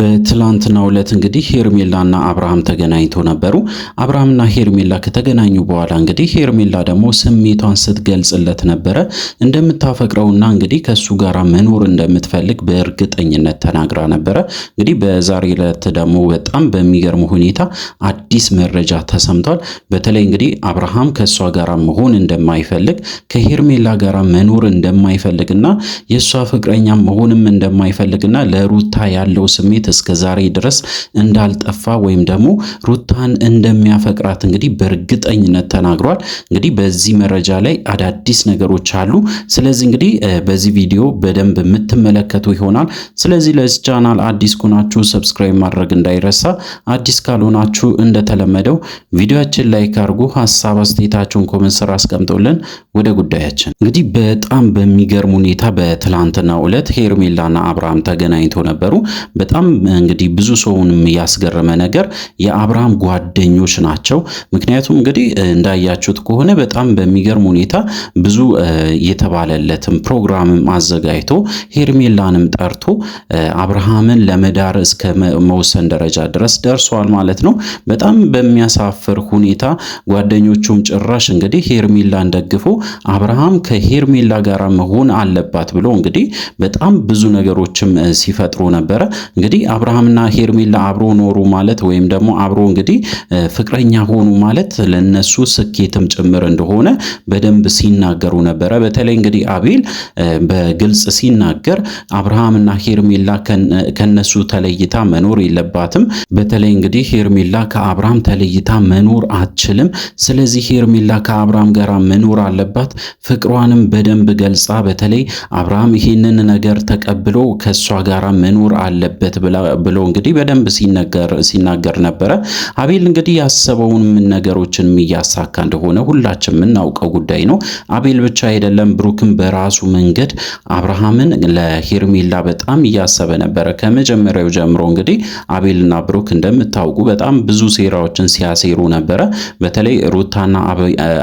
በትላንትና ዕለት እንግዲህ ሄርሜላና አብርሃም ተገናኝቶ ነበሩ። አብርሃምና ሄርሜላ ከተገናኙ በኋላ እንግዲህ ሄርሜላ ደግሞ ስሜቷን ስትገልጽለት ነበረ። እንደምታፈቅረውና እንግዲህ ከሱ ጋር መኖር እንደምትፈልግ በእርግጠኝነት ተናግራ ነበረ። እንግዲህ በዛሬ ዕለት ደግሞ በጣም በሚገርም ሁኔታ አዲስ መረጃ ተሰምቷል። በተለይ እንግዲህ አብርሃም ከእሷ ጋር መሆን እንደማይፈልግ ከሄርሜላ ጋር መኖር እንደማይፈልግና የእሷ ፍቅረኛ መሆንም እንደማይፈልግና ለሩታ ያለው ስሜት ስሜት እስከ ዛሬ ድረስ እንዳልጠፋ ወይም ደግሞ ሩታን እንደሚያፈቅራት እንግዲህ በእርግጠኝነት ተናግሯል። እንግዲህ በዚህ መረጃ ላይ አዳዲስ ነገሮች አሉ። ስለዚህ እንግዲህ በዚህ ቪዲዮ በደንብ የምትመለከቱ ይሆናል። ስለዚህ ለዚህ ቻናል አዲስ ከሆናችሁ ሰብስክራይብ ማድረግ እንዳይረሳ፣ አዲስ ካልሆናችሁ እንደተለመደው ቪዲዮችን ላይክ አድርጉ፣ ሀሳብ አስተያየታችሁን ኮመንት ስራ አስቀምጦልን ወደ ጉዳያችን እንግዲህ በጣም በሚገርም ሁኔታ በትላንትናው ዕለት ሄርሜላና አብርሃም ተገናኝተው ነበሩ። በጣም እንግዲህ ብዙ ሰውንም ያስገረመ ነገር የአብርሃም ጓደኞች ናቸው። ምክንያቱም እንግዲህ እንዳያችሁት ከሆነ በጣም በሚገርም ሁኔታ ብዙ የተባለለትም ፕሮግራምም አዘጋጅቶ ሄርሜላንም ጠርቶ አብርሃምን ለመዳር እስከ መወሰን ደረጃ ድረስ ደርሷል ማለት ነው። በጣም በሚያሳፍር ሁኔታ ጓደኞቹም ጭራሽ እንግዲህ ሄርሜላን ደግፎ አብርሃም ከሄርሜላ ጋር መሆን አለባት ብሎ እንግዲህ በጣም ብዙ ነገሮችም ሲፈጥሩ ነበረ። እንግዲህ አብርሃምና ሄርሜላ አብሮ ኖሩ ማለት ወይም ደግሞ አብሮ እንግዲህ ፍቅረኛ ሆኑ ማለት ለነሱ ስኬትም ጭምር እንደሆነ በደንብ ሲናገሩ ነበረ። በተለይ እንግዲህ አቤል በግልጽ ሲናገር አብርሃምና ሄርሜላ ከነሱ ተለይታ መኖር የለባትም። በተለይ እንግዲህ ሄርሜላ ከአብርሃም ተለይታ መኖር አትችልም። ስለዚህ ሄርሜላ ከአብርሃም ጋር መኖር አለባት። ፍቅሯንም በደንብ ገልጻ በተለይ አብርሃም ይሄንን ነገር ተቀብሎ ከእሷ ጋር መኖር አለበት ብላ ብሎ እንግዲህ በደንብ ሲነገር ሲናገር ነበረ። አቤል እንግዲህ ያሰበውን ነገሮችን እያሳካ እንደሆነ ሁላችን የምናውቀው ጉዳይ ነው። አቤል ብቻ አይደለም፣ ብሩክም በራሱ መንገድ አብርሃምን ለሄርሜላ በጣም እያሰበ ነበረ። ከመጀመሪያው ጀምሮ እንግዲህ አቤልና ብሩክ እንደምታውቁ በጣም ብዙ ሴራዎችን ሲያሴሩ ነበረ። በተለይ ሩታና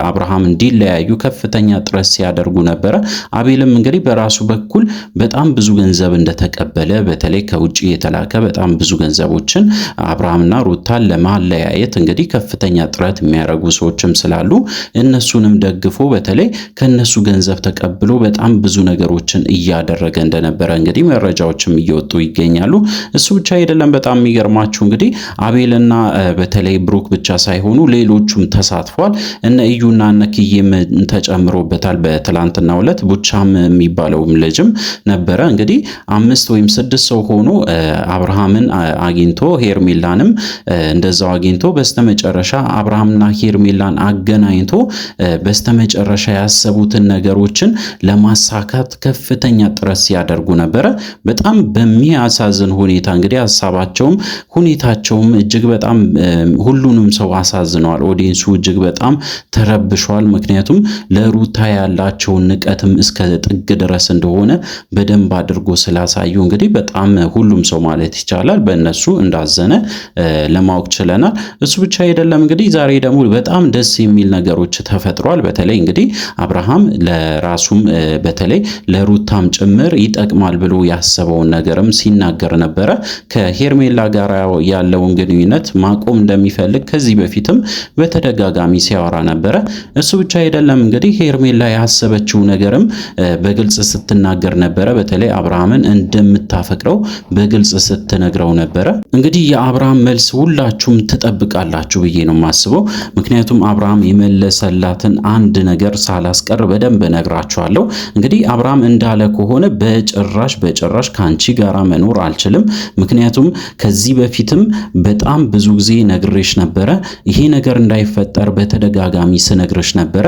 አብርሃም እንዲለያዩ ከፍተኛ ጥረት ሲያደርጉ ነበረ። አቤልም እንግዲህ በራሱ በኩል በጣም ብዙ ገንዘብ እንደተቀበለ በተለይ ከውጭ የተላ እየላከ በጣም ብዙ ገንዘቦችን አብርሃምና ሩታን ለማለያየት እንግዲህ ከፍተኛ ጥረት የሚያደርጉ ሰዎችም ስላሉ እነሱንም ደግፎ በተለይ ከነሱ ገንዘብ ተቀብሎ በጣም ብዙ ነገሮችን እያደረገ እንደነበረ እንግዲህ መረጃዎችም እየወጡ ይገኛሉ። እሱ ብቻ አይደለም። በጣም የሚገርማችሁ እንግዲህ አቤልና በተለይ ብሩክ ብቻ ሳይሆኑ ሌሎቹም ተሳትፏል። እነ እዩና እነ ኪዬም ተጨምሮበታል። በትላንትና ዕለት ቡቻም የሚባለውም ልጅም ነበረ እንግዲህ አምስት ወይም ስድስት ሰው ሆኖ አብርሃምን አግኝቶ ሄርሜላንም እንደዛው አግኝቶ በስተመጨረሻ አብርሃምና ሄርሜላን አገናኝቶ በስተመጨረሻ ያሰቡትን ነገሮችን ለማሳካት ከፍተኛ ጥረት ሲያደርጉ ነበረ። በጣም በሚያሳዝን ሁኔታ እንግዲህ ሀሳባቸውም ሁኔታቸውም እጅግ በጣም ሁሉንም ሰው አሳዝነዋል። ኦዲንሱ እጅግ በጣም ተረብሸዋል። ምክንያቱም ለሩታ ያላቸውን ንቀትም እስከ ጥግ ድረስ እንደሆነ በደንብ አድርጎ ስላሳዩ እንግዲህ በጣም ሁሉም ሰው ማለት ማለት ይቻላል በእነሱ እንዳዘነ ለማወቅ ችለናል። እሱ ብቻ አይደለም እንግዲህ ዛሬ ደግሞ በጣም ደስ የሚል ነገሮች ተፈጥሯል። በተለይ እንግዲህ አብርሃም ለራሱም በተለይ ለሩታም ጭምር ይጠቅማል ብሎ ያሰበውን ነገርም ሲናገር ነበረ። ከሄርሜላ ጋር ያለውን ግንኙነት ማቆም እንደሚፈልግ ከዚህ በፊትም በተደጋጋሚ ሲያወራ ነበረ። እሱ ብቻ አይደለም እንግዲህ ሄርሜላ ያሰበችው ነገርም በግልጽ ስትናገር ነበረ። በተለይ አብርሃምን እንደምታፈቅረው በግልጽ ስትነግረው ነበረ። እንግዲህ የአብርሃም መልስ ሁላችሁም ትጠብቃላችሁ ብዬ ነው የማስበው። ምክንያቱም አብርሃም የመለሰላትን አንድ ነገር ሳላስቀር በደንብ እነግራችኋለሁ። እንግዲህ አብርሃም እንዳለ ከሆነ በጭራሽ በጭራሽ ከአንቺ ጋራ መኖር አልችልም፣ ምክንያቱም ከዚህ በፊትም በጣም ብዙ ጊዜ ነግሬሽ ነበረ። ይሄ ነገር እንዳይፈጠር በተደጋጋሚ ስነግርሽ ነበረ።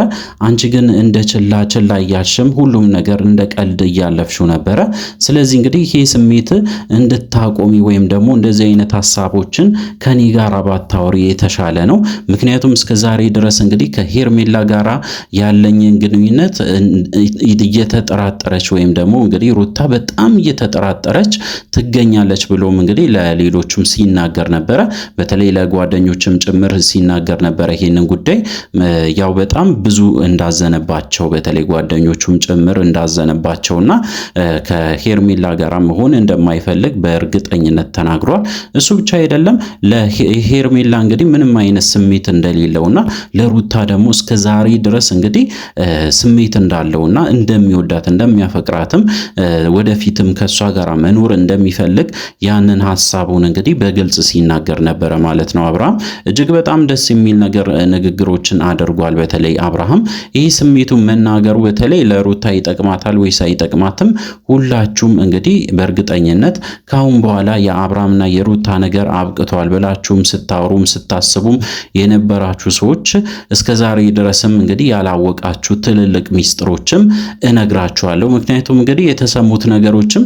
አንቺ ግን እንደ ችላ ችላ እያልሽም ሁሉም ነገር እንደ ቀልድ እያለፍሽው ነበረ። ስለዚህ እንግዲህ ይሄ ስሜት እንድታ ባታቆሚ ወይም ደግሞ እንደዚህ አይነት ሀሳቦችን ከኔ ጋር ባታወሪ የተሻለ ነው። ምክንያቱም እስከ ዛሬ ድረስ እንግዲህ ከሄርሜላ ጋራ ያለኝን ግንኙነት እየተጠራጠረች ወይም ደግሞ እንግዲህ ሩታ በጣም እየተጠራጠረች ትገኛለች ብሎም እንግዲህ ለሌሎችም ሲናገር ነበረ። በተለይ ለጓደኞችም ጭምር ሲናገር ነበረ። ይሄንን ጉዳይ ያው በጣም ብዙ እንዳዘነባቸው በተለይ ጓደኞቹም ጭምር እንዳዘነባቸውና ከሄርሜላ ጋራ መሆን እንደማይፈልግ በእርግ በእርግጠኝነት ተናግሯል። እሱ ብቻ አይደለም ለሄርሜላ እንግዲህ ምንም አይነት ስሜት እንደሌለውና ለሩታ ደግሞ እስከ ዛሬ ድረስ እንግዲህ ስሜት እንዳለውና እንደሚወዳት እንደሚያፈቅራትም ወደፊትም ከእሷ ጋር መኖር እንደሚፈልግ ያንን ሀሳቡን እንግዲህ በግልጽ ሲናገር ነበረ ማለት ነው። አብርሃም እጅግ በጣም ደስ የሚል ነገር ንግግሮችን አድርጓል። በተለይ አብርሃም ይህ ስሜቱን መናገሩ በተለይ ለሩታ ይጠቅማታል ወይስ አይጠቅማትም? ሁላችሁም እንግዲህ በእርግጠኝነት ከአሁን በኋላ የአብርሃምና የሩታ ነገር አብቅተዋል ብላችሁም ስታወሩም ስታስቡም የነበራችሁ ሰዎች እስከ ዛሬ ድረስም እንግዲህ ያላወቃችሁ ትልልቅ ሚስጥሮችም እነግራችኋለሁ። ምክንያቱም እንግዲህ የተሰሙት ነገሮችም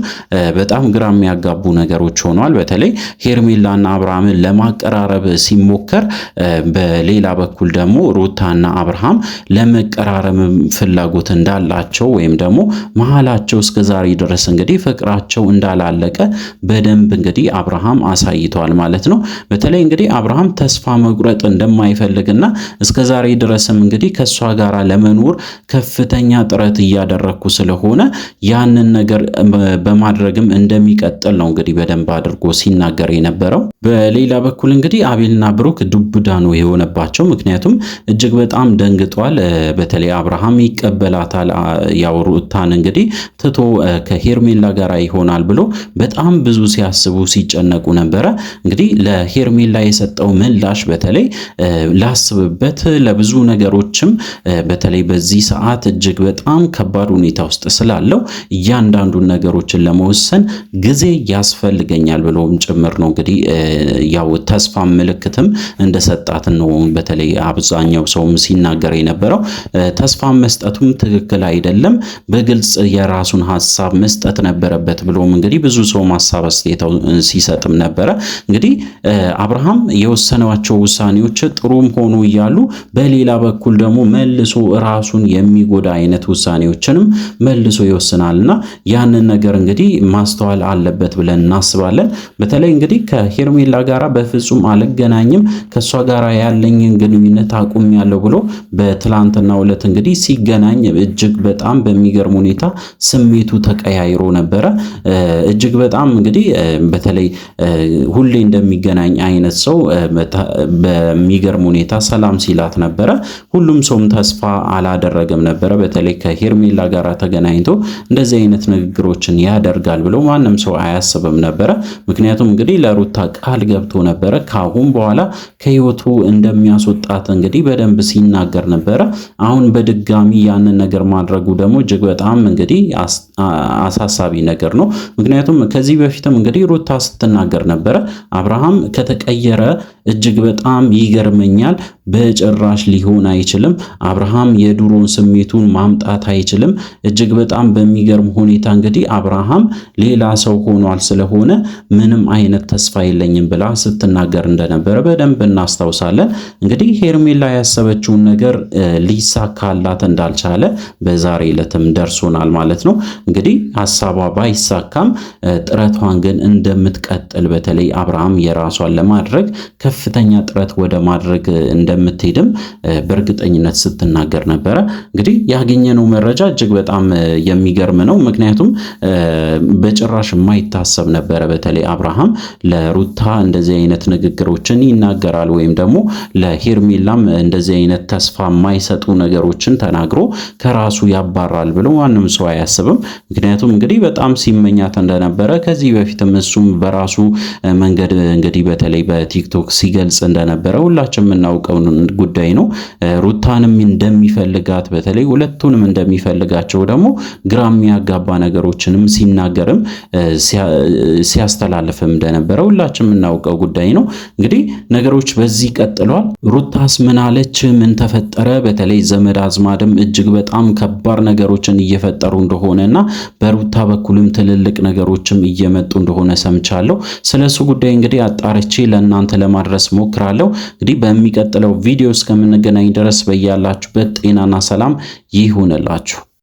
በጣም ግራ የሚያጋቡ ነገሮች ሆነዋል። በተለይ ሄርሜላና አብርሃምን ለማቀራረብ ሲሞከር፣ በሌላ በኩል ደግሞ ሩታና አብርሃም ለመቀራረብ ፍላጎት እንዳላቸው ወይም ደግሞ መሀላቸው እስከ ዛሬ ድረስ እንግዲህ ፍቅራቸው እንዳላለቀ በደ በደንብ እንግዲህ አብርሃም አሳይተዋል ማለት ነው። በተለይ እንግዲህ አብርሃም ተስፋ መቁረጥ እንደማይፈልግና እስከ ዛሬ ድረስም እንግዲህ ከእሷ ጋር ለመኖር ከፍተኛ ጥረት እያደረግኩ ስለሆነ ያንን ነገር በማድረግም እንደሚቀጥል ነው እንግዲህ በደንብ አድርጎ ሲናገር የነበረው። በሌላ በኩል እንግዲህ አቤልና ብሩክ ዱብዳ ነው የሆነባቸው። ምክንያቱም እጅግ በጣም ደንግጧል። በተለይ አብርሃም ይቀበላታል ያው ሩታን እንግዲህ ትቶ ከሄርሜላ ጋር ይሆናል ብሎ በጣም ብዙ ሲያስቡ ሲጨነቁ ነበረ። እንግዲህ ለሄርሜላ የሰጠው ምላሽ በተለይ ላስብበት፣ ለብዙ ነገሮችም በተለይ በዚህ ሰዓት እጅግ በጣም ከባድ ሁኔታ ውስጥ ስላለው እያንዳንዱን ነገሮችን ለመወሰን ጊዜ ያስፈልገኛል ብሎም ጭምር ነው እንግዲህ ያው ተስፋ ምልክትም እንደሰጣት ነው። በተለይ አብዛኛው ሰውም ሲናገር የነበረው ተስፋ መስጠቱም ትክክል አይደለም፣ በግልጽ የራሱን ሀሳብ መስጠት ነበረበት ብሎም እንግዲህ ብዙ ሰው ማሳበስ አስተያየታው ሲሰጥም ነበረ። እንግዲህ አብርሃም የወሰኗቸው ውሳኔዎች ጥሩም ሆኑ እያሉ በሌላ በኩል ደግሞ መልሶ ራሱን የሚጎዳ አይነት ውሳኔዎችንም መልሶ ይወስናልና ያንን ነገር እንግዲህ ማስተዋል አለበት ብለን እናስባለን። በተለይ እንግዲህ ከሄርሜላ ጋራ በፍጹም አልገናኝም ከእሷ ጋራ ያለኝን ግንኙነት አቁም ያለው ብሎ በትላንትና ዕለት እንግዲህ ሲገናኝ እጅግ በጣም በሚገርም ሁኔታ ስሜቱ ተቀያይሮ ነበረ። እጅግ በጣም እንግዲህ በተለይ ሁሌ እንደሚገናኝ አይነት ሰው በሚገርም ሁኔታ ሰላም ሲላት ነበረ። ሁሉም ሰውም ተስፋ አላደረገም ነበረ። በተለይ ከሄርሜላ ጋር ተገናኝቶ እንደዚህ አይነት ንግግሮችን ያደርጋል ብሎ ማንም ሰው አያስብም ነበረ። ምክንያቱም እንግዲህ ለሩታ ቃል ገብቶ ነበረ ከአሁን በኋላ ከህይወቱ እንደሚያስወጣት እንግዲህ በደንብ ሲናገር ነበረ። አሁን በድጋሚ ያንን ነገር ማድረጉ ደግሞ እጅግ በጣም እንግዲህ አሳሳቢ ነገር ነው። ምክንያቱም ከዚህ በፊትም እንግዲህ ሩታ ስትናገር ነበረ። አብርሃም ከተቀየረ እጅግ በጣም ይገርመኛል። በጭራሽ ሊሆን አይችልም። አብርሃም የድሮን ስሜቱን ማምጣት አይችልም። እጅግ በጣም በሚገርም ሁኔታ እንግዲህ አብርሃም ሌላ ሰው ሆኗል። ስለሆነ ምንም አይነት ተስፋ የለኝም ብላ ስትናገር እንደነበረ በደንብ እናስታውሳለን። እንግዲህ ሄርሜላ ያሰበችውን ነገር ሊሳካላት እንዳልቻለ በዛሬ ዕለትም ደርሶናል ማለት ነው። እንግዲህ ሀሳቧ ባይሳካም ጥረቷን ግን እንደምትቀጥል በተለይ አብርሃም የራሷን ለማድረግ ከፍተኛ ጥረት ወደ ማድረግ እንደምትሄድም በእርግጠኝነት ስትናገር ነበረ። እንግዲህ ያገኘነው መረጃ እጅግ በጣም የሚገርም ነው። ምክንያቱም በጭራሽ የማይታሰብ ነበረ። በተለይ አብርሃም ለሩታ እንደዚህ አይነት ንግግሮችን ይናገራል ወይም ደግሞ ለሄርሜላም እንደዚህ አይነት ተስፋ የማይሰጡ ነገሮችን ተናግሮ ከራሱ ያባራል ብሎ ማንም ሰው አያስብም። ምክንያቱም እንግዲህ በጣም ሲመኛት እንደነበረ ከዚህ በፊት በፊትም እሱም በራሱ መንገድ እንግዲህ በተለይ በቲክቶክ ሲገልጽ እንደነበረ ሁላችን የምናውቀው ጉዳይ ነው። ሩታንም እንደሚፈልጋት በተለይ ሁለቱንም እንደሚፈልጋቸው ደግሞ ግራ የሚያጋባ ነገሮችንም ሲናገርም ሲያስተላልፍም እንደነበረ ሁላችን የምናውቀው ጉዳይ ነው። እንግዲህ ነገሮች በዚህ ቀጥሏል። ሩታስ ምናለች? ምን ተፈጠረ? በተለይ ዘመድ አዝማድም እጅግ በጣም ከባድ ነገሮችን እየፈጠሩ እንደሆነ እና በሩታ በኩልም ትልልቅ ነገሮችም እየመጡ እንደሆነ ሰምቻለሁ። ስለሱ ጉዳይ እንግዲህ አጣርቼ ለእናንተ ለማድረስ ሞክራለሁ። እንግዲህ በሚቀጥለው ቪዲዮ እስከምንገናኝ ድረስ በያላችሁበት ጤናና ሰላም ይሁንላችሁ።